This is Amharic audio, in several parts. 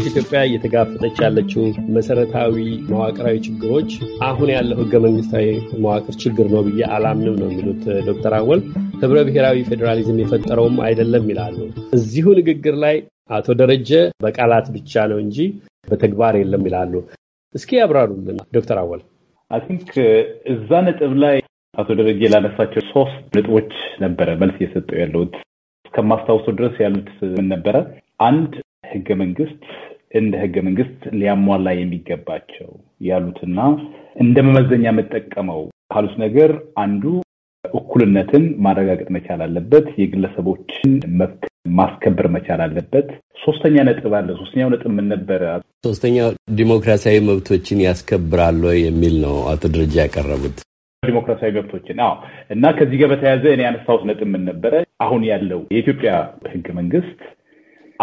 ኢትዮጵያ እየተጋፈጠች ያለችው መሰረታዊ መዋቅራዊ ችግሮች አሁን ያለው ህገ መንግስታዊ መዋቅር ችግር ነው ብዬ አላምንም ነው የሚሉት ዶክተር አወል። ህብረ ብሔራዊ ፌዴራሊዝም የፈጠረውም አይደለም ይላሉ። እዚሁ ንግግር ላይ አቶ ደረጀ በቃላት ብቻ ነው እንጂ በተግባር የለም ይላሉ። እስኪ ያብራሩልን ዶክተር አወል። አይ ቲንክ እዛ ነጥብ ላይ አቶ ደረጀ ላነሳቸው ሶስት ነጥቦች ነበረ መልስ እየሰጠው ያለሁት እስከማስታውሰው ድረስ ያሉት ምን ነበረ? አንድ ህገ መንግስት እንደ ህገ መንግስት ሊያሟላ የሚገባቸው ያሉትና እንደ መመዘኛ የምጠቀመው ካሉት ነገር አንዱ እኩልነትን ማረጋገጥ መቻል አለበት። የግለሰቦችን መብት ማስከበር መቻል አለበት። ሶስተኛ ነጥብ አለ። ሶስተኛው ነጥብ ምን ነበረ? ሶስተኛው ዲሞክራሲያዊ መብቶችን ያስከብራል የሚል ነው። አቶ ደረጃ ያቀረቡት ዲሞክራሲያዊ መብቶችን አዎ። እና ከዚህ ጋር በተያያዘ እኔ ያነሳሁት ነጥብ ምን ነበረ? አሁን ያለው የኢትዮጵያ ሕገ መንግስት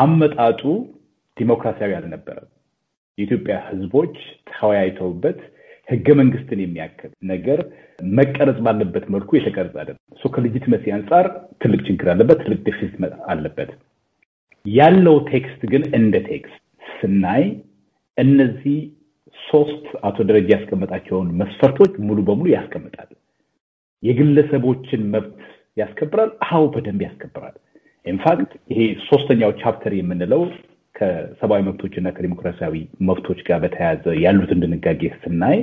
አመጣጡ ዲሞክራሲያዊ አልነበረም። የኢትዮጵያ ህዝቦች ተወያይተውበት ህገ መንግስትን የሚያክል ነገር መቀረጽ ባለበት መልኩ የተቀረጸ አይደለም። እሱ ከልጅትመሲ አንጻር ትልቅ ችግር አለበት፣ ትልቅ ዴፊሲት አለበት። ያለው ቴክስት ግን እንደ ቴክስት ስናይ እነዚህ ሶስት አቶ ደረጃ ያስቀመጣቸውን መስፈርቶች ሙሉ በሙሉ ያስቀምጣል። የግለሰቦችን መብት ያስከብራል። አሁ በደንብ ያስከብራል። ኢንፋክት ይሄ ሶስተኛው ቻፕተር የምንለው ከሰብአዊ መብቶች እና ከዲሞክራሲያዊ መብቶች ጋር በተያያዘ ያሉትን ድንጋጌ ስናይ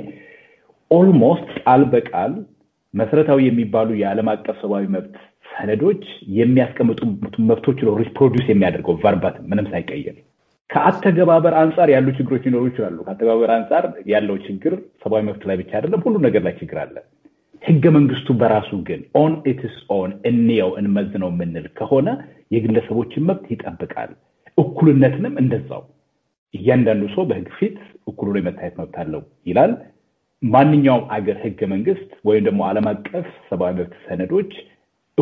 ኦልሞስት ቃል በቃል መሰረታዊ የሚባሉ የዓለም አቀፍ ሰብአዊ መብት ሰነዶች የሚያስቀምጡ መብቶች ሪፕሮዲስ የሚያደርገው ቫርባት ምንም ሳይቀየር ከአተገባበር አንጻር ያሉ ችግሮች ሊኖሩ ይችላሉ። ከአተገባበር አንጻር ያለው ችግር ሰብአዊ መብት ላይ ብቻ አይደለም፣ ሁሉ ነገር ላይ ችግር አለ። ህገ መንግስቱ በራሱ ግን ኦን ኢትስ ኦን እንየው እንመዝነው የምንል ከሆነ የግለሰቦችን መብት ይጠብቃል። እኩልነትንም እንደዛው እያንዳንዱ ሰው በህግ ፊት እኩል ሆኖ የመታየት መብት አለው ይላል። ማንኛውም አገር ህገ መንግስት ወይም ደግሞ ዓለም አቀፍ ሰብአዊ መብት ሰነዶች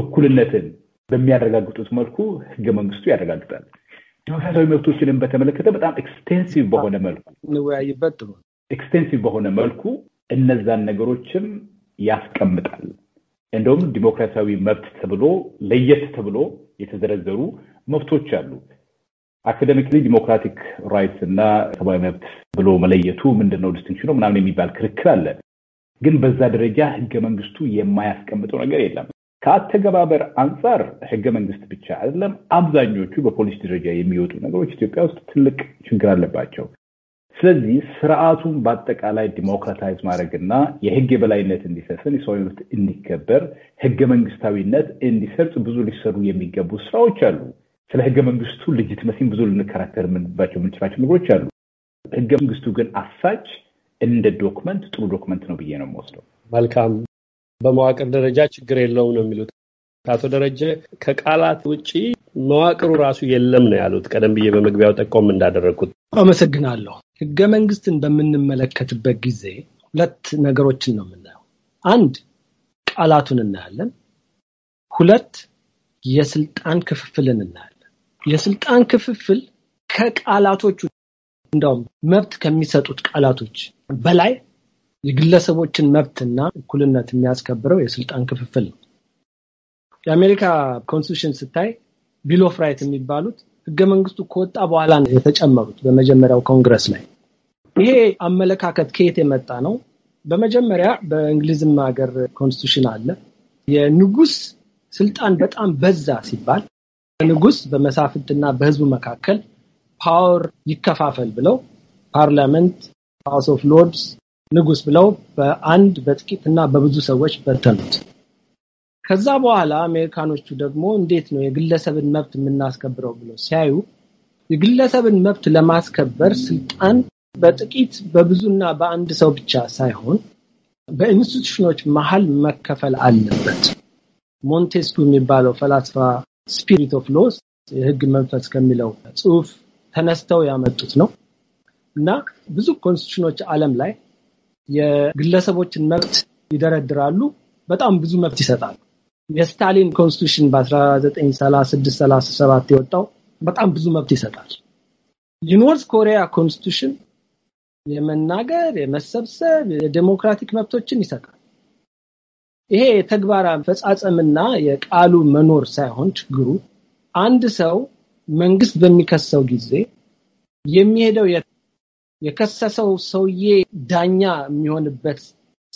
እኩልነትን በሚያረጋግጡት መልኩ ህገ መንግስቱ ያረጋግጣል። ተመሳሳዊ መብቶችንም በተመለከተ በጣም ኤክስቴንሲቭ በሆነ መልኩ እንወያይበት ጥሩ ኤክስቴንሲቭ በሆነ መልኩ እነዛን ነገሮችም ያስቀምጣል። እንደውም ዲሞክራሲያዊ መብት ተብሎ ለየት ተብሎ የተዘረዘሩ መብቶች አሉ። አካደሚክሊ ዲሞክራቲክ ራይትስ እና ሰብአዊ መብት ብሎ መለየቱ ምንድነው ነው ዲስቲንክሽኑ ምናምን የሚባል ክርክር አለ። ግን በዛ ደረጃ ህገ መንግስቱ የማያስቀምጠው ነገር የለም። ከአተገባበር አንጻር ህገ መንግስት ብቻ አይደለም፣ አብዛኞቹ በፖሊስ ደረጃ የሚወጡ ነገሮች ኢትዮጵያ ውስጥ ትልቅ ችግር አለባቸው። ስለዚህ ስርዓቱን በአጠቃላይ ዲሞክራታይዝ ማድረግና የህግ የበላይነት እንዲሰፍን፣ የሰው መብት እንዲከበር፣ ህገ መንግስታዊነት እንዲሰርጥ ብዙ ሊሰሩ የሚገቡ ስራዎች አሉ። ስለ ህገ መንግስቱ ልጅትመሲን ብዙ ልንከራከር የምንባቸው የምንችላቸው ነገሮች አሉ። ህገ መንግስቱ ግን አሳች እንደ ዶክመንት ጥሩ ዶክመንት ነው ብዬ ነው የምወስደው። መልካም በመዋቅር ደረጃ ችግር የለው ነው የሚሉት አቶ ደረጀ። ከቃላት ውጪ መዋቅሩ ራሱ የለም ነው ያሉት። ቀደም ብዬ በመግቢያው ጠቆም እንዳደረግኩት አመሰግናለሁ። ህገ መንግስትን በምንመለከትበት ጊዜ ሁለት ነገሮችን ነው የምናየው። አንድ ቃላቱን እናያለን። ሁለት የስልጣን ክፍፍልን እናያለን። የስልጣን ክፍፍል ከቃላቶቹ እንደውም መብት ከሚሰጡት ቃላቶች በላይ የግለሰቦችን መብትና እኩልነት የሚያስከብረው የስልጣን ክፍፍል ነው። የአሜሪካ ኮንስቲቱሽን ስታይ ቢል ኦፍ ራይት የሚባሉት ህገ መንግስቱ ከወጣ በኋላ የተጨመሩት በመጀመሪያው ኮንግረስ ላይ። ይሄ አመለካከት ከየት የመጣ ነው? በመጀመሪያ በእንግሊዝም ሀገር ኮንስቲቱሽን አለ። የንጉስ ስልጣን በጣም በዛ ሲባል ንጉስ በመሳፍንትና በህዝቡ መካከል ፓወር ይከፋፈል ብለው ፓርላመንት፣ ሃውስ ኦፍ ሎርድስ ንጉስ ብለው በአንድ በጥቂት እና በብዙ ሰዎች በተኑት። ከዛ በኋላ አሜሪካኖቹ ደግሞ እንዴት ነው የግለሰብን መብት የምናስከብረው ብለው ሲያዩ የግለሰብን መብት ለማስከበር ስልጣን በጥቂት በብዙና በአንድ ሰው ብቻ ሳይሆን በኢንስቲቱሽኖች መሀል መከፈል አለበት። ሞንቴስኩ የሚባለው ፈላስፋ ስፒሪት ኦፍ ሎስ የህግ መንፈስ ከሚለው ጽሁፍ ተነስተው ያመጡት ነው እና ብዙ ኮንስቲቱሽኖች ዓለም ላይ የግለሰቦችን መብት ይደረድራሉ። በጣም ብዙ መብት ይሰጣሉ። የስታሊን ኮንስቲቱሽን በ1936/37 የወጣው በጣም ብዙ መብት ይሰጣል። የኖርዝ ኮሪያ ኮንስቲቱሽን የመናገር፣ የመሰብሰብ፣ የዴሞክራቲክ መብቶችን ይሰጣል። ይሄ የተግባር አፈጻጸምና የቃሉ መኖር ሳይሆን ችግሩ አንድ ሰው መንግስት በሚከሰው ጊዜ የሚሄደው የከሰሰው ሰውዬ ዳኛ የሚሆንበት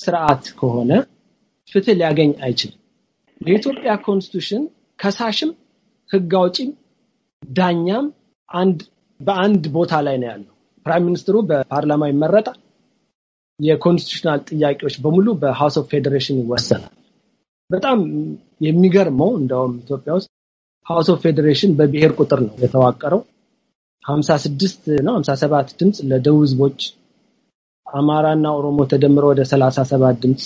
ስርዓት ከሆነ ፍትህ ሊያገኝ አይችልም። የኢትዮጵያ ኮንስቲቱሽን ከሳሽም ህግ አውጪም ዳኛም አንድ በአንድ ቦታ ላይ ነው ያለው። ፕራይም ሚኒስትሩ በፓርላማ ይመረጣል። የኮንስቲቱሽናል ጥያቄዎች በሙሉ በሃውስ ኦፍ ፌዴሬሽን ይወሰናል። በጣም የሚገርመው እንደውም ኢትዮጵያ ውስጥ ሃውስ ኦፍ ፌዴሬሽን በብሔር ቁጥር ነው የተዋቀረው። ሀምሳ ስድስት ነው ሀምሳ ሰባት ድምፅ ለደቡብ ህዝቦች፣ አማራና ኦሮሞ ተደምረው ወደ ሰላሳ ሰባት ድምፅ፣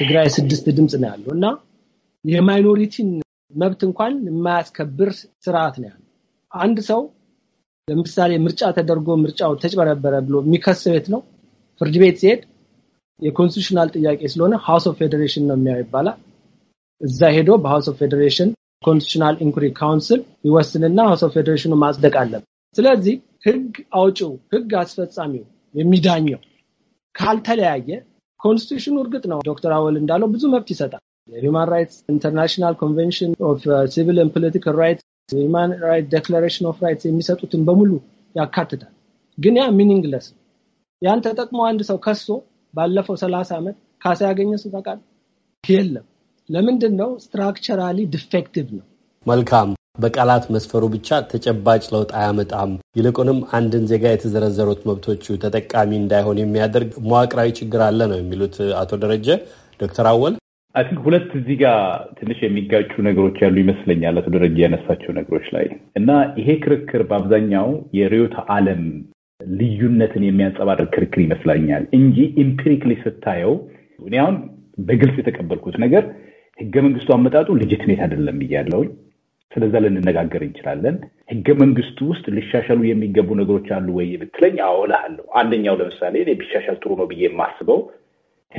ትግራይ ስድስት ድምፅ ነው ያለው እና የማይኖሪቲን መብት እንኳን የማያስከብር ስርዓት ነው ያለው። አንድ ሰው ለምሳሌ ምርጫ ተደርጎ ምርጫው ተጭበረበረ ብሎ የሚከሰው የት ነው? ፍርድ ቤት ሲሄድ የኮንስቲቱሽናል ጥያቄ ስለሆነ ሃውስ ኦፍ ፌዴሬሽን ነው የሚያው ይባላል። እዛ ሄዶ በሀውስ ኦፍ ፌዴሬሽን ኮንስቲቱሽናል ኢንኩሪ ካውንስል ይወስንና ሀውስ ኦፍ ፌዴሬሽኑ ማጽደቅ አለበት። ስለዚህ ህግ አውጪው፣ ህግ አስፈጻሚው፣ የሚዳኘው ካልተለያየ ኮንስቲቱሽኑ እርግጥ ነው ዶክተር አወል እንዳለው ብዙ መብት ይሰጣል። የሂውማን ራይትስ ኢንተርናሽናል ኮንቨንሽን ኦፍ ሲቪል ን ፖለቲካል ራይትስ፣ ሂውማን ራይት ዴክላሬሽን ኦፍ ራይትስ የሚሰጡትን በሙሉ ያካትታል። ግን ያ ሚኒንግለስ ነው። ያን ተጠቅሞ አንድ ሰው ከሶ ባለፈው ሰላሳ ዓመት ካሳ ያገኘ ሰው ታውቃለህ? የለም። ለምንድን ነው? ስትራክቸራሊ ዲፌክቲቭ ነው። መልካም በቃላት መስፈሩ ብቻ ተጨባጭ ለውጥ አያመጣም። ይልቁንም አንድን ዜጋ የተዘረዘሩት መብቶቹ ተጠቃሚ እንዳይሆን የሚያደርግ መዋቅራዊ ችግር አለ ነው የሚሉት አቶ ደረጀ። ዶክተር አወል አይ ሁለት እዚህ ጋር ትንሽ የሚጋጩ ነገሮች ያሉ ይመስለኛል አቶ ደረጀ ያነሳቸው ነገሮች ላይ እና ይሄ ክርክር በአብዛኛው የርዕዮተ ዓለም ልዩነትን የሚያንጸባርቅ ክርክር ይመስለኛል እንጂ ኢምፒሪክሊ ስታየው እኔ አሁን በግልጽ የተቀበልኩት ነገር ህገ መንግስቱ አመጣጡ ልጅትሜት አይደለም እያለውኝ ስለዛ ልንነጋገር እንችላለን። ህገ መንግስቱ ውስጥ ሊሻሻሉ የሚገቡ ነገሮች አሉ ወይ ብትለኝ፣ አዎ እልሃለሁ። አንደኛው ለምሳሌ ቢሻሻል ጥሩ ነው ብዬ የማስበው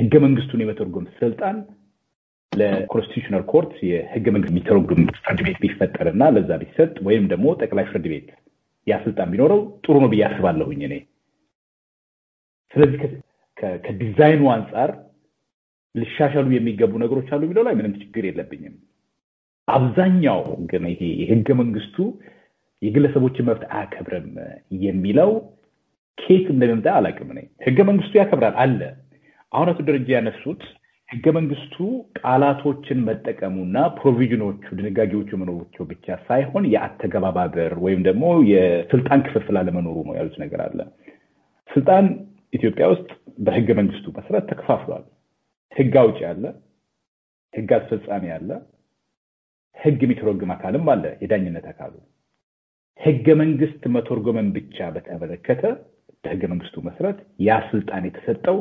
ህገ መንግስቱን የመተርጎም ስልጣን ለኮንስቲቱሽናል ኮርት የህገ መንግስት የሚተረጉም ፍርድ ቤት ቢፈጠርና ለዛ ቢሰጥ ወይም ደግሞ ጠቅላይ ፍርድ ቤት ያ ስልጣን ቢኖረው ጥሩ ነው ብዬ አስባለሁኝ እኔ። ስለዚህ ከዲዛይኑ አንጻር ሊሻሻሉ የሚገቡ ነገሮች አሉ የሚለው ላይ ምንም ችግር የለብኝም። አብዛኛው ግን ይሄ የህገ መንግስቱ የግለሰቦችን መብት አያከብርም የሚለው ኬት እንደሚመጣ አላውቅም። እኔ ህገ መንግስቱ ያከብራል አለ። አሁን አቶ ደረጃ ያነሱት ህገ መንግስቱ ቃላቶችን መጠቀሙና ፕሮቪዥኖቹ ድንጋጌዎቹ መኖሮቸው ብቻ ሳይሆን የአተገባባበር ወይም ደግሞ የስልጣን ክፍፍል አለመኖሩ ነው ያሉት ነገር አለ። ስልጣን ኢትዮጵያ ውስጥ በህገ መንግስቱ መሰረት ተከፋፍሏል። ህግ አውጪ አለ፣ ህግ አስፈጻሚ አለ፣ ህግ የሚተረጉም አካልም አለ። የዳኝነት አካሉ ህገ መንግስት መተርጎመን ብቻ በተመለከተ በህገ መንግስቱ መሰረት ያ ስልጣን የተሰጠው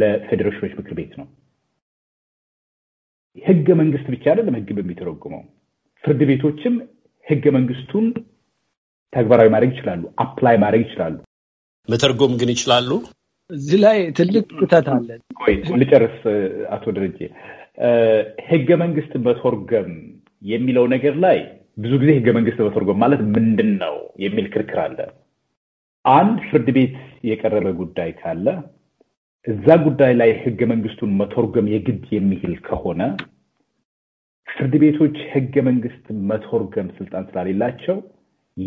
ለፌዴሬሽኖች ምክር ቤት ነው። ህገ መንግስት ብቻ አይደለም ህግ የሚተረጉመው። ፍርድ ቤቶችም ህገ መንግስቱን ተግባራዊ ማድረግ ይችላሉ፣ አፕላይ ማድረግ ይችላሉ። መተርጎም ግን ይችላሉ። እዚህ ላይ ትልቅ ክተት አለ። ልጨርስ አቶ ደረጀ ህገ መንግስት መተርጎም የሚለው ነገር ላይ ብዙ ጊዜ ህገ መንግስት መተርጎም ማለት ምንድን ነው የሚል ክርክር አለ። አንድ ፍርድ ቤት የቀረበ ጉዳይ ካለ እዛ ጉዳይ ላይ ህገ መንግስቱን መተርጎም የግድ የሚል ከሆነ ፍርድ ቤቶች ህገ መንግስት መተርጎም ስልጣን ስላሌላቸው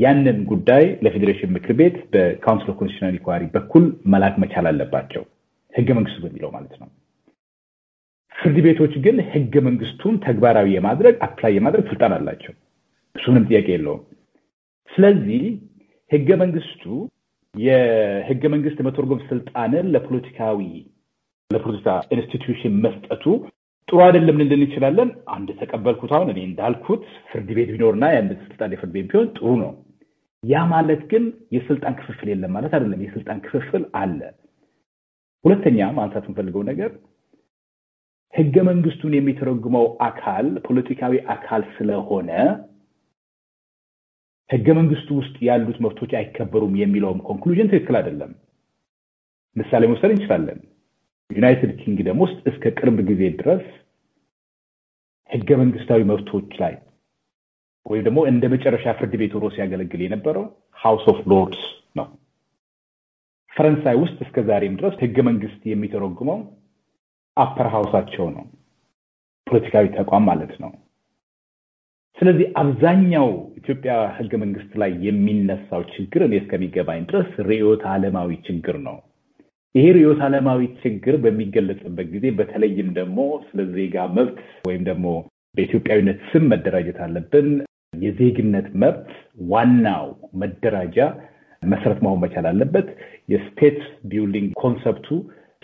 ያንን ጉዳይ ለፌዴሬሽን ምክር ቤት በካውንስል ኮንስቲቱሽናል ኢንኳሪ በኩል መላክ መቻል አለባቸው። ህገ መንግስቱ በሚለው ማለት ነው። ፍርድ ቤቶች ግን ህገ መንግስቱን ተግባራዊ የማድረግ አፕላይ የማድረግ ስልጣን አላቸው። እሱ ምንም ጥያቄ የለውም። ስለዚህ ህገ መንግስቱ የህገ መንግስት መተርጎም ስልጣንን ለፖለቲካዊ ለፖለቲካ ኢንስቲትዩሽን መስጠቱ ጥሩ አይደለም ልንል እንችላለን። አንድ ተቀበልኩት። አሁን እኔ እንዳልኩት ፍርድ ቤት ቢኖርና ያን ስልጣን የፍርድ ቤት ቢሆን ጥሩ ነው። ያ ማለት ግን የስልጣን ክፍፍል የለም ማለት አይደለም። የስልጣን ክፍፍል አለ። ሁለተኛ ማንሳት የምፈልገው ነገር ህገ መንግስቱን የሚተረጉመው አካል ፖለቲካዊ አካል ስለሆነ ህገ መንግስቱ ውስጥ ያሉት መብቶች አይከበሩም የሚለውም ኮንክሉዥን ትክክል አይደለም። ምሳሌ መውሰድ እንችላለን። ዩናይትድ ኪንግደም ውስጥ እስከ ቅርብ ጊዜ ድረስ ህገ መንግስታዊ መብቶች ላይ ወይም ደግሞ እንደ መጨረሻ ፍርድ ቤት ሆኖ ሲያገለግል የነበረው ሃውስ ኦፍ ሎርድስ ነው። ፈረንሳይ ውስጥ እስከ ዛሬም ድረስ ህገ መንግስት የሚተረጉመው አፐር ሀውሳቸው ነው፣ ፖለቲካዊ ተቋም ማለት ነው። ስለዚህ አብዛኛው ኢትዮጵያ ህገ መንግስት ላይ የሚነሳው ችግር እኔ እስከሚገባኝ ድረስ ርዕዮተ አለማዊ ችግር ነው። ይሄ ርዕዮተ አለማዊ ችግር በሚገለጽበት ጊዜ በተለይም ደግሞ ስለ ዜጋ መብት ወይም ደግሞ በኢትዮጵያዊነት ስም መደራጀት አለብን የዜግነት መብት ዋናው መደራጃ መሰረት መሆን መቻል አለበት። የስቴት ቢልዲንግ ኮንሰፕቱ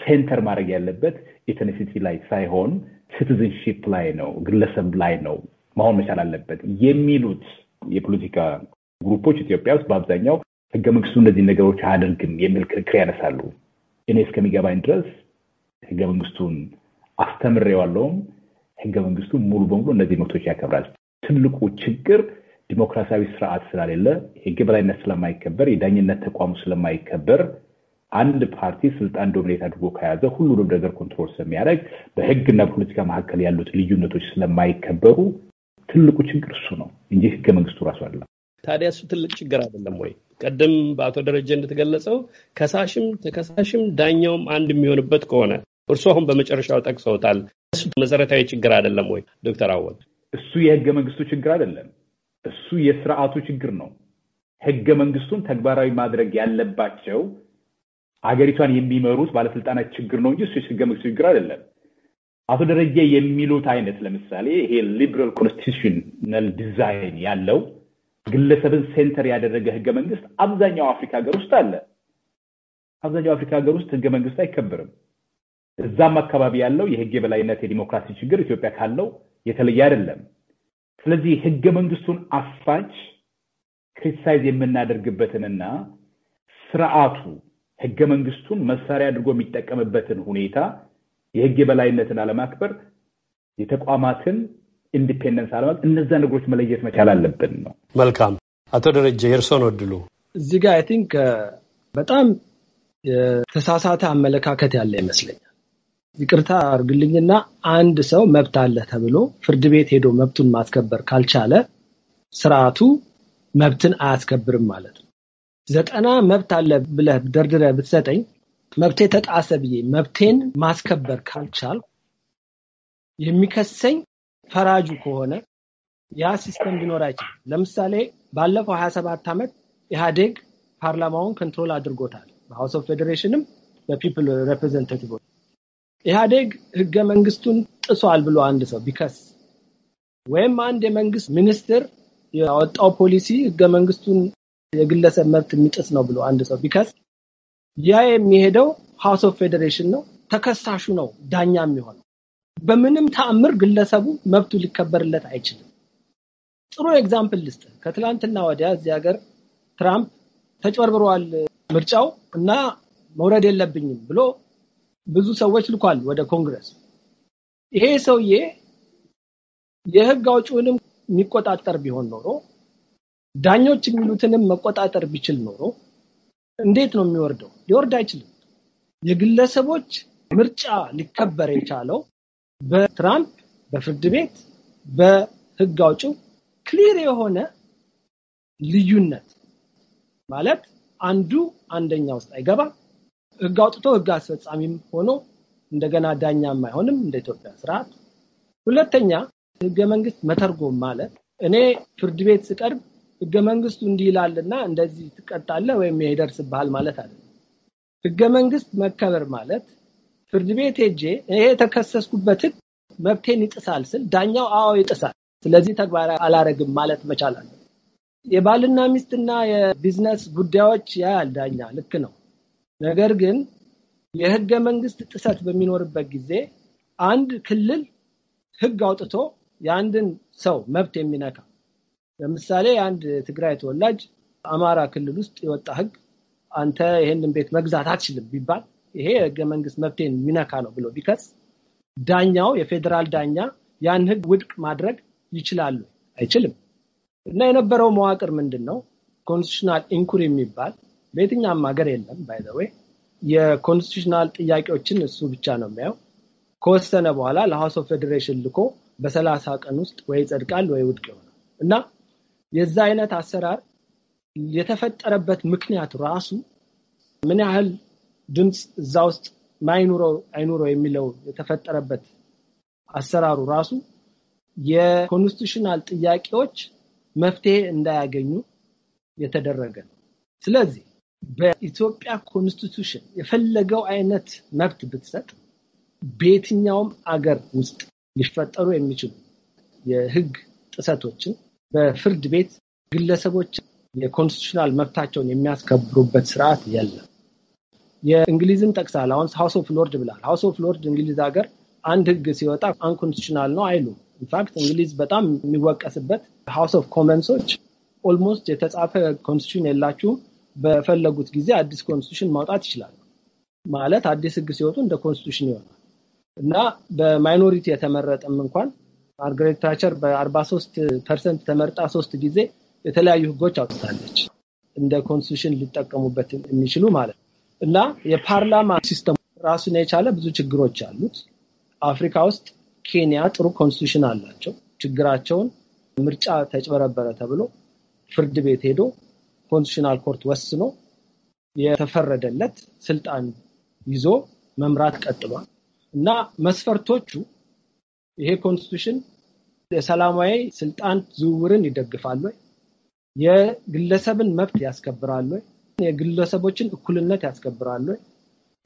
ሴንተር ማድረግ ያለበት ኢትኒሲቲ ላይ ሳይሆን ሲቲዝንሺፕ ላይ ነው፣ ግለሰብ ላይ ነው መሆን መቻል አለበት የሚሉት የፖለቲካ ግሩፖች ኢትዮጵያ ውስጥ በአብዛኛው ህገ መንግስቱ እነዚህ ነገሮች አያደርግም የሚል ክርክር ያነሳሉ። እኔ እስከሚገባኝ ድረስ ህገ መንግስቱን አስተምሬዋለሁም ህገ መንግስቱ ሙሉ በሙሉ እነዚህ መብቶች ያከብራል። ትልቁ ችግር ዲሞክራሲያዊ ስርዓት ስለሌለ፣ የህግ በላይነት ስለማይከበር፣ የዳኝነት ተቋሙ ስለማይከበር አንድ ፓርቲ ስልጣን ዶሚኔት አድርጎ ከያዘ ሁሉንም ነገር ኮንትሮል ስለሚያደርግ በህግና ፖለቲካ መካከል ያሉት ልዩነቶች ስለማይከበሩ ትልቁ ችግር እሱ ነው እንጂ ህገ መንግስቱ ራሱ አይደለም። ታዲያ እሱ ትልቅ ችግር አይደለም ወይ? ቀደም በአቶ ደረጀ እንደተገለጸው ከሳሽም ተከሳሽም ዳኛውም አንድ የሚሆንበት ከሆነ እርሱ አሁን በመጨረሻው ጠቅሰውታል። እሱ መሰረታዊ ችግር አይደለም ወይ? ዶክተር አወት? እሱ የህገ መንግስቱ ችግር አይደለም። እሱ የስርዓቱ ችግር ነው። ህገ መንግስቱን ተግባራዊ ማድረግ ያለባቸው ሀገሪቷን የሚመሩት ባለስልጣናት ችግር ነው እንጂ እሱ የህገ መንግስት ችግር አይደለም። አቶ ደረጀ የሚሉት አይነት ለምሳሌ ይሄ ሊብራል ኮንስቲቱሽናል ዲዛይን ያለው ግለሰብን ሴንተር ያደረገ ህገ መንግስት አብዛኛው አፍሪካ ሀገር ውስጥ አለ። አብዛኛው አፍሪካ ሀገር ውስጥ ህገ መንግስት አይከበርም። እዛም አካባቢ ያለው የህግ የበላይነት የዲሞክራሲ ችግር ኢትዮጵያ ካለው የተለየ አይደለም። ስለዚህ ህገ መንግስቱን አፋጅ ክሪቲሳይዝ የምናደርግበትንና ስርዓቱ ህገ መንግስቱን መሳሪያ አድርጎ የሚጠቀምበትን ሁኔታ የህግ የበላይነትን አለማክበር፣ የተቋማትን ኢንዲፔንደንስ አለማ እነዛ ነገሮች መለየት መቻል አለብን ነው። መልካም አቶ ደረጀ የእርስዎን ወድሉ እዚህ ጋር አይ ቲንክ uh, በጣም የተሳሳተ አመለካከት ያለ ይመስለኛል። ይቅርታ አርግልኝና አንድ ሰው መብት አለ ተብሎ ፍርድ ቤት ሄዶ መብቱን ማስከበር ካልቻለ ስርዓቱ መብትን አያስከብርም ማለት ነው። ዘጠና መብት አለ ብለህ ደርድረ ብትሰጠኝ መብቴ ተጣሰ ብዬ መብቴን ማስከበር ካልቻል የሚከሰኝ ፈራጁ ከሆነ ያ ሲስተም ሊኖር አይችልም። ለምሳሌ ባለፈው ሀያ ሰባት ዓመት ኢህአዴግ ፓርላማውን ኮንትሮል አድርጎታል። በሀውስ ኦፍ ፌዴሬሽንም በፒፕል ሬፕሬዘንታቲቭ ኢህአዴግ ህገ መንግስቱን ጥሷል ብሎ አንድ ሰው ቢከስ ወይም አንድ የመንግስት ሚኒስትር ያወጣው ፖሊሲ ህገ መንግስቱን የግለሰብ መብት የሚጥስ ነው ብሎ አንድ ሰው ቢከስ ያ የሚሄደው ሀውስ ኦፍ ፌዴሬሽን ነው። ተከሳሹ ነው ዳኛ የሚሆነው። በምንም ተአምር ግለሰቡ መብቱ ሊከበርለት አይችልም። ጥሩ ኤግዛምፕል ልስጥ። ከትላንትና ወዲያ እዚህ ሀገር ትራምፕ ተጭበርብረዋል ምርጫው እና መውረድ የለብኝም ብሎ ብዙ ሰዎች ልኳል ወደ ኮንግረስ። ይሄ ሰውዬ የህግ አውጪውንም የሚቆጣጠር ቢሆን ኖሮ ዳኞች የሚሉትንም መቆጣጠር ቢችል ኖሮ እንዴት ነው የሚወርደው? ሊወርድ አይችልም። የግለሰቦች ምርጫ ሊከበር የቻለው በትራምፕ በፍርድ ቤት በህግ አውጪው ክሊር የሆነ ልዩነት ማለት አንዱ አንደኛ ውስጥ አይገባም። ህግ አውጥቶ ህግ አስፈጻሚም ሆኖ እንደገና ዳኛም አይሆንም እንደ ኢትዮጵያ ስርዓት። ሁለተኛ ህገ መንግስት መተርጎም ማለት እኔ ፍርድ ቤት ስቀርብ ህገ መንግስቱ እንዲህ ይላልና እንደዚህ ትቀጣለ ወይም ይደርስብሃል ማለት አለ። ህገ መንግስት መከበር ማለት ፍርድ ቤት ሄጄ ይሄ የተከሰስኩበት ህግ መብቴን ይጥሳል ስል ዳኛው አዎ ይጥሳል፣ ስለዚህ ተግባር አላረግም ማለት መቻል አለ። የባልና ሚስትና የቢዝነስ ጉዳዮች ያያል ዳኛ፣ ልክ ነው። ነገር ግን የህገ መንግስት ጥሰት በሚኖርበት ጊዜ አንድ ክልል ህግ አውጥቶ የአንድን ሰው መብት የሚነካ ለምሳሌ አንድ ትግራይ ተወላጅ አማራ ክልል ውስጥ የወጣ ህግ አንተ ይህንን ቤት መግዛት አትችልም ቢባል ይሄ ህገ መንግስት መብቴን የሚነካ ነው ብሎ ቢከስ ዳኛው የፌዴራል ዳኛ ያን ህግ ውድቅ ማድረግ ይችላሉ? አይችልም። እና የነበረው መዋቅር ምንድን ነው? ኮንስቲቱሽናል ኢንኩሪ የሚባል በየትኛም ሀገር የለም። ባይዘወይ የኮንስቲቱሽናል ጥያቄዎችን እሱ ብቻ ነው የሚያየው። ከወሰነ በኋላ ለሀውስ ኦፍ ፌዴሬሽን ልኮ በሰላሳ ቀን ውስጥ ወይ ጸድቃል ወይ ውድቅ ይሆናል እና የዛ አይነት አሰራር የተፈጠረበት ምክንያት ራሱ ምን ያህል ድምፅ እዛ ውስጥ ማይኑሮ አይኑሮ የሚለው የተፈጠረበት አሰራሩ ራሱ የኮንስቲቱሽናል ጥያቄዎች መፍትሄ እንዳያገኙ የተደረገ ነው። ስለዚህ በኢትዮጵያ ኮንስቲቱሽን የፈለገው አይነት መብት ብትሰጥ በየትኛውም አገር ውስጥ ሊፈጠሩ የሚችሉ የሕግ ጥሰቶችን በፍርድ ቤት ግለሰቦች የኮንስቲቱሽናል መብታቸውን የሚያስከብሩበት ስርዓት የለም። የእንግሊዝን ጠቅሳል። አሁን ሀውስ ኦፍ ሎርድ ብላል። ሀውስ ኦፍ ሎርድ እንግሊዝ ሀገር አንድ ህግ ሲወጣ አንኮንስቲቱሽናል ነው አይሉም። ኢንፋክት እንግሊዝ በጣም የሚወቀስበት ሀውስ ኦፍ ኮመንሶች ኦልሞስት የተጻፈ ኮንስቲቱሽን የላችሁም፣ በፈለጉት ጊዜ አዲስ ኮንስቲቱሽን ማውጣት ይችላሉ። ማለት አዲስ ህግ ሲወጡ እንደ ኮንስቲቱሽን ይሆናል እና በማይኖሪቲ የተመረጠም እንኳን ማርገሬት ታቸር በ43 ፐርሰንት ተመርጣ ሶስት ጊዜ የተለያዩ ህጎች አውጥታለች እንደ ኮንስቲቱሽን ሊጠቀሙበት የሚችሉ ማለት ነው። እና የፓርላማ ሲስተሙ ራሱን የቻለ ብዙ ችግሮች አሉት። አፍሪካ ውስጥ ኬንያ ጥሩ ኮንስቲቱሽን አላቸው። ችግራቸውን ምርጫ ተጭበረበረ ተብሎ ፍርድ ቤት ሄዶ ኮንስቲቱሽናል ኮርት ወስኖ የተፈረደለት ስልጣን ይዞ መምራት ቀጥሏል እና መስፈርቶቹ ይሄ ኮንስቲቱሽን የሰላማዊ ስልጣን ዝውውርን ይደግፋል ወይ? የግለሰብን መብት ያስከብራል ወይ? የግለሰቦችን እኩልነት ያስከብራል ወይ?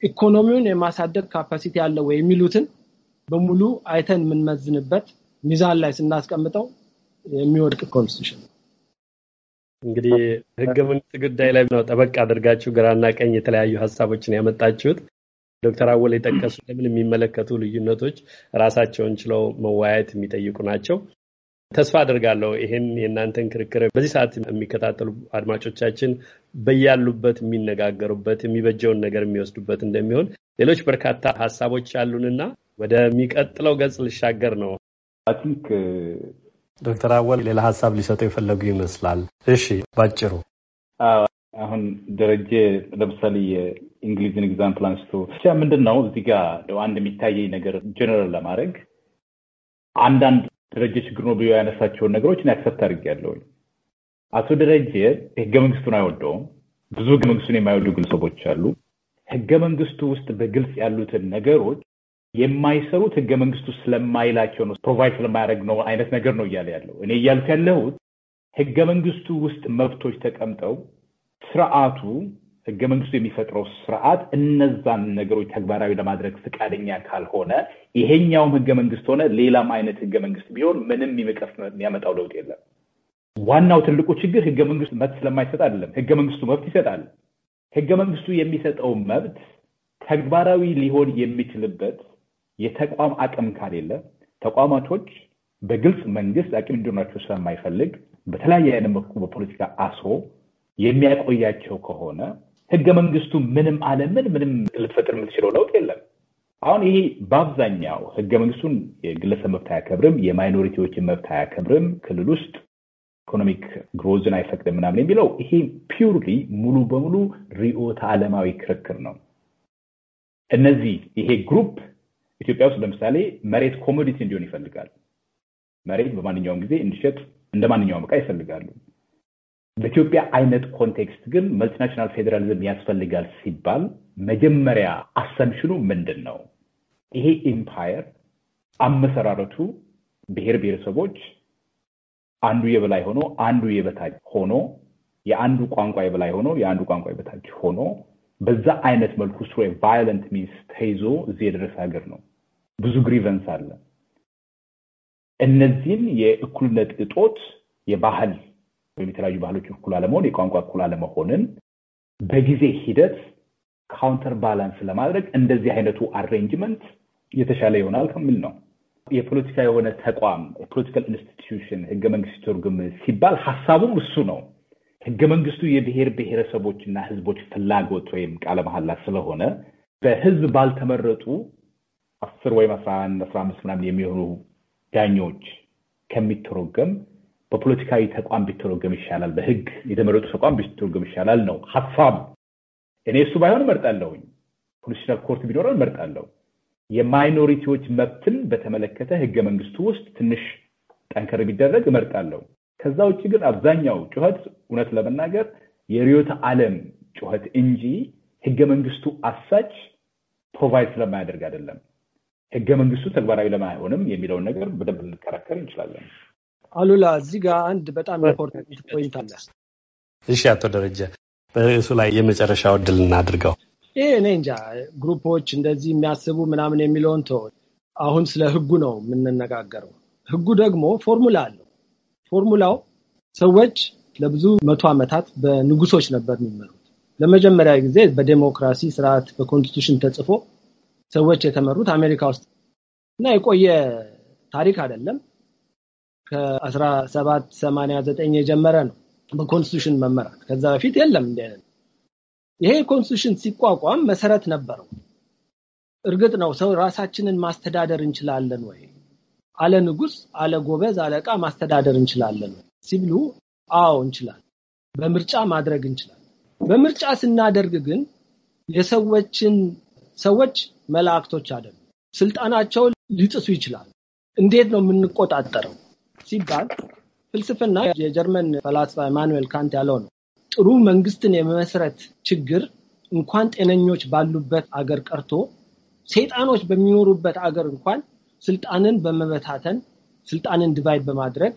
ኢኮኖሚውን የማሳደግ ካፓሲቲ ያለው ወይ የሚሉትን በሙሉ አይተን የምንመዝንበት ሚዛን ላይ ስናስቀምጠው የሚወድቅ ኮንስቲቱሽን እንግዲህ ህገ መንግስት ጉዳይ ላይ ነው ጠበቅ አድርጋችሁ ግራና ቀኝ የተለያዩ ሀሳቦችን ያመጣችሁት። ዶክተር አወል የጠቀሱ ለምን የሚመለከቱ ልዩነቶች ራሳቸውን ችለው መወያየት የሚጠይቁ ናቸው። ተስፋ አድርጋለሁ ይህን የእናንተን ክርክር በዚህ ሰዓት የሚከታተሉ አድማጮቻችን በያሉበት የሚነጋገሩበት የሚበጀውን ነገር የሚወስዱበት እንደሚሆን ሌሎች በርካታ ሀሳቦች ያሉንና ወደሚቀጥለው ገጽ ልሻገር ነው። ቲንክ ዶክተር አወል ሌላ ሀሳብ ሊሰጡ የፈለጉ ይመስላል። እሺ ባጭሩ አሁን ደረጀ ለምሳሌ እንግሊዝን ኤግዛምፕል አንስቶ ብቻ ምንድን ነው እዚህ ጋር አንድ የሚታየኝ ነገር ጀነራል ለማድረግ አንዳንድ ደረጀ ችግር ነው ብሎ ያነሳቸውን ነገሮች አክሰፕት አድርጌያለሁ። አቶ ደረጀ ህገ መንግስቱን አይወደውም። ብዙ ህገ መንግስቱን የማይወዱ ግለሰቦች አሉ። ህገ መንግስቱ ውስጥ በግልጽ ያሉትን ነገሮች የማይሰሩት ህገ መንግስቱ ስለማይላቸው ነው፣ ፕሮቫይድ ስለማያደርግ ነው አይነት ነገር ነው እያለ ያለው። እኔ እያልኩ ያለሁት ህገ መንግስቱ ውስጥ መብቶች ተቀምጠው ስርዓቱ ህገ መንግስቱ የሚፈጥረው ስርዓት እነዛን ነገሮች ተግባራዊ ለማድረግ ፍቃደኛ ካልሆነ ይሄኛውም ህገ መንግስት ሆነ ሌላም አይነት ህገ መንግስት ቢሆን ምንም የሚያመጣው ለውጥ የለም። ዋናው ትልቁ ችግር ህገ መንግስቱ መብት ስለማይሰጥ አይደለም። ህገ መንግስቱ መብት ይሰጣል። ህገ መንግስቱ የሚሰጠው መብት ተግባራዊ ሊሆን የሚችልበት የተቋም አቅም ካሌለ ተቋማቶች በግልጽ መንግስት አቅም እንዲሆናቸው ስለማይፈልግ በተለያየ አይነት መልኩ በፖለቲካ አስሮ የሚያቆያቸው ከሆነ ህገ መንግስቱ ምንም አለምን ምንም ልትፈጥር የምትችለው ለውጥ የለም። አሁን ይሄ በአብዛኛው ህገ መንግስቱን የግለሰብ መብት አያከብርም፣ የማይኖሪቲዎችን መብት አያከብርም፣ ክልል ውስጥ ኢኮኖሚክ ግሮዝን አይፈቅድም ምናምን የሚለው ይሄ ፒውርሊ ሙሉ በሙሉ ርዕዮተ ዓለማዊ ክርክር ነው። እነዚህ ይሄ ግሩፕ ኢትዮጵያ ውስጥ ለምሳሌ መሬት ኮሞዲቲ እንዲሆን ይፈልጋል። መሬት በማንኛውም ጊዜ እንዲሸጥ እንደ ማንኛውም እቃ ይፈልጋሉ። በኢትዮጵያ አይነት ኮንቴክስት ግን መልቲናሽናል ፌዴራሊዝም ያስፈልጋል ሲባል መጀመሪያ አሰምሽኑ ምንድን ነው? ይሄ ኢምፓየር አመሰራረቱ ብሔር ብሔረሰቦች አንዱ የበላይ ሆኖ አንዱ የበታች ሆኖ የአንዱ ቋንቋ የበላይ ሆኖ የአንዱ ቋንቋ የበታች ሆኖ በዛ አይነት መልኩ ስሮ ቫዮለንት ሚንስ ተይዞ እዚህ የደረሰ ሀገር ነው። ብዙ ግሪቨንስ አለ። እነዚህን የእኩልነት እጦት የባህል ወይም የተለያዩ ባህሎች እኩል አለመሆን የቋንቋ እኩል አለመሆንን በጊዜ ሂደት ካውንተር ባላንስ ለማድረግ እንደዚህ አይነቱ አሬንጅመንት የተሻለ ይሆናል ከሚል ነው። የፖለቲካ የሆነ ተቋም የፖለቲካል ኢንስቲትዩሽን ህገ መንግስት ሲተረጎም ሲባል ሀሳቡም እሱ ነው። ህገ መንግስቱ የብሔር ብሔረሰቦች እና ህዝቦች ፍላጎት ወይም ቃለ መሐላ ስለሆነ በህዝብ ባልተመረጡ አስር ወይም አስራ አንድ አስራ አምስት ምናምን የሚሆኑ ዳኞች ከሚተረጎም በፖለቲካዊ ተቋም ቢተረጎም ይሻላል፣ በህግ የተመረጡ ተቋም ቢተረጎም ይሻላል ነው ሀሳብ። እኔ እሱ ባይሆን እመርጣለሁኝ፣ ኮንስቲቱሽናል ኮርት ቢኖረን እመርጣለሁ። የማይኖሪቲዎች መብትን በተመለከተ ህገ መንግስቱ ውስጥ ትንሽ ጠንከር ቢደረግ እመርጣለሁ። ከዛ ውጭ ግን አብዛኛው ጩኸት እውነት ለመናገር የርዕዮተ ዓለም ጩኸት እንጂ ህገ መንግስቱ አሳች ፕሮቫይድ ስለማያደርግ አይደለም። ህገ መንግስቱ ተግባራዊ ለማይሆንም የሚለውን ነገር በደንብ ልንከራከር እንችላለን። አሉላ እዚህ ጋር አንድ በጣም ኢምፖርታንት ፖይንት አለ። እሺ አቶ ደረጀ በእሱ ላይ የመጨረሻው እድል እናድርገው። ይህ እኔ እንጃ ግሩፖች እንደዚህ የሚያስቡ ምናምን የሚለውን ተወ። አሁን ስለ ህጉ ነው የምንነጋገረው። ህጉ ደግሞ ፎርሙላ አለው። ፎርሙላው ሰዎች ለብዙ መቶ ዓመታት በንጉሶች ነበር የሚመሩት። ለመጀመሪያ ጊዜ በዴሞክራሲ ስርዓት በኮንስቲቱሽን ተጽፎ ሰዎች የተመሩት አሜሪካ ውስጥ እና የቆየ ታሪክ አይደለም። ከ1789 የጀመረ ነው በኮንስቲቱሽን መመራት። ከዛ በፊት የለም እንደ ይሄ ኮንስቲቱሽን ሲቋቋም መሰረት ነበረው። እርግጥ ነው ሰው ራሳችንን ማስተዳደር እንችላለን ወይ አለ ንጉስ፣ አለ ጎበዝ አለቃ ማስተዳደር እንችላለን ወይ ሲብሉ፣ አዎ እንችላል በምርጫ ማድረግ እንችላል። በምርጫ ስናደርግ ግን የሰዎችን ሰዎች መላእክቶች አደሉ ስልጣናቸውን ሊጥሱ ይችላሉ። እንዴት ነው የምንቆጣጠረው? ሲባል ፍልስፍና የጀርመን ፈላስፋ ኢማኑዌል ካንት ያለው ነው። ጥሩ መንግስትን የመመስረት ችግር እንኳን ጤነኞች ባሉበት አገር ቀርቶ ሰይጣኖች በሚኖሩበት አገር እንኳን ስልጣንን በመበታተን ስልጣንን ዲቫይድ በማድረግ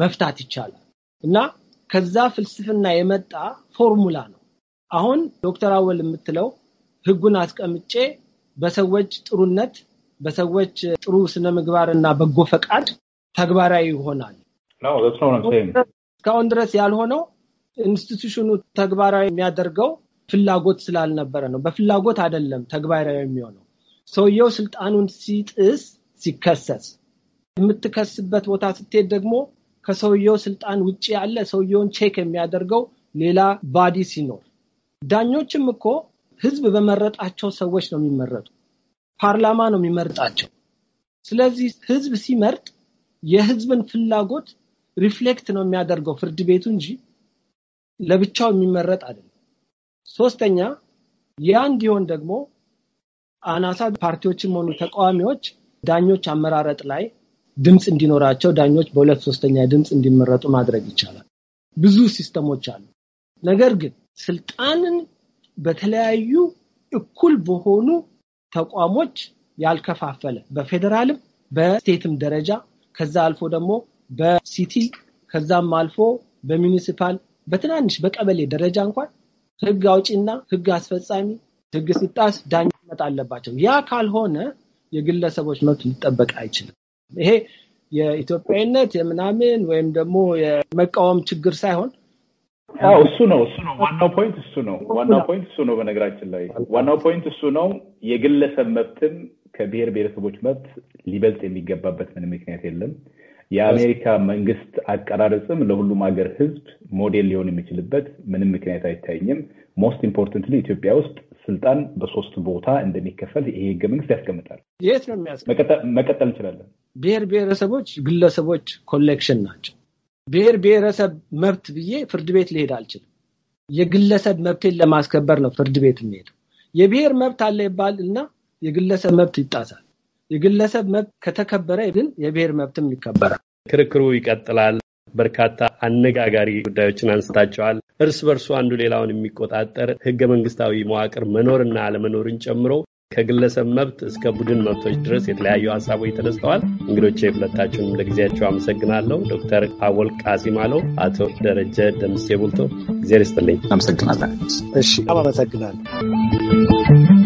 መፍታት ይቻላል እና ከዛ ፍልስፍና የመጣ ፎርሙላ ነው። አሁን ዶክተር አወል የምትለው ህጉን አስቀምጬ በሰዎች ጥሩነት በሰዎች ጥሩ ስነ ምግባር እና በጎ ፈቃድ ተግባራዊ ይሆናል። እስካሁን ድረስ ያልሆነው ኢንስቲቱሽኑ ተግባራዊ የሚያደርገው ፍላጎት ስላልነበረ ነው። በፍላጎት አይደለም ተግባራዊ የሚሆነው። ሰውየው ስልጣኑን ሲጥስ ሲከሰስ፣ የምትከስበት ቦታ ስትሄድ ደግሞ ከሰውየው ስልጣን ውጭ ያለ ሰውየውን ቼክ የሚያደርገው ሌላ ባዲ ሲኖር፣ ዳኞችም እኮ ህዝብ በመረጣቸው ሰዎች ነው የሚመረጡ። ፓርላማ ነው የሚመርጣቸው። ስለዚህ ህዝብ ሲመርጥ የህዝብን ፍላጎት ሪፍሌክት ነው የሚያደርገው ፍርድ ቤቱ እንጂ ለብቻው የሚመረጥ አይደለም። ሶስተኛ ያ እንዲሆን ደግሞ አናሳ ፓርቲዎችን መሆኑ ተቃዋሚዎች ዳኞች አመራረጥ ላይ ድምፅ እንዲኖራቸው ዳኞች በሁለት ሶስተኛ ድምፅ እንዲመረጡ ማድረግ ይቻላል። ብዙ ሲስተሞች አሉ። ነገር ግን ስልጣንን በተለያዩ እኩል በሆኑ ተቋሞች ያልከፋፈለ በፌዴራልም በስቴትም ደረጃ ከዛ አልፎ ደግሞ በሲቲ ከዛም አልፎ በሚኒሲፓል በትናንሽ በቀበሌ ደረጃ እንኳን ህግ አውጪና ህግ አስፈጻሚ ህግ ሲጣስ ዳኝነት አለባቸው። ያ ካልሆነ የግለሰቦች መብት ሊጠበቅ አይችልም። ይሄ የኢትዮጵያዊነት የምናምን ወይም ደግሞ የመቃወም ችግር ሳይሆን እሱ ነው እሱ ነው ዋናው ፖይንት እሱ ነው ዋናው ፖይንት እሱ ነው። በነገራችን ላይ ዋናው ፖይንት እሱ ነው። የግለሰብ መብትን ከብሔር ብሔረሰቦች መብት ሊበልጥ የሚገባበት ምን ምክንያት የለም። የአሜሪካ መንግስት አቀራረጽም ለሁሉም ሀገር ህዝብ ሞዴል ሊሆን የሚችልበት ምንም ምክንያት አይታይኝም። ሞስት ኢምፖርተንትሊ ኢትዮጵያ ውስጥ ስልጣን በሶስት ቦታ እንደሚከፈል ይሄ ህገ መንግስት ያስቀምጣል። የት ነው የሚያስ መቀጠል እንችላለን። ብሔር ብሔረሰቦች ግለሰቦች ኮሌክሽን ናቸው። ብሔር ብሔረሰብ መብት ብዬ ፍርድ ቤት ሊሄድ አልችልም። የግለሰብ መብቴን ለማስከበር ነው ፍርድ ቤት የሚሄደው። የብሔር መብት አለ ይባል እና የግለሰብ መብት ይጣሳል። የግለሰብ መብት ከተከበረ ግን የብሔር መብትም ይከበራል። ክርክሩ ይቀጥላል። በርካታ አነጋጋሪ ጉዳዮችን አንስታቸዋል። እርስ በርሱ አንዱ ሌላውን የሚቆጣጠር ህገ መንግስታዊ መዋቅር መኖርና አለመኖርን ጨምሮ ከግለሰብ መብት እስከ ቡድን መብቶች ድረስ የተለያዩ ሀሳቦች ተነስተዋል። እንግዶች የሁለታችሁንም ለጊዜያቸው አመሰግናለሁ። ዶክተር አወል ቃሲም አለው፣ አቶ ደረጀ ደምሴ ቡልቶ፣ እግዜር ይስጥልኝ። አመሰግናለን። እሺ አመሰግናለሁ።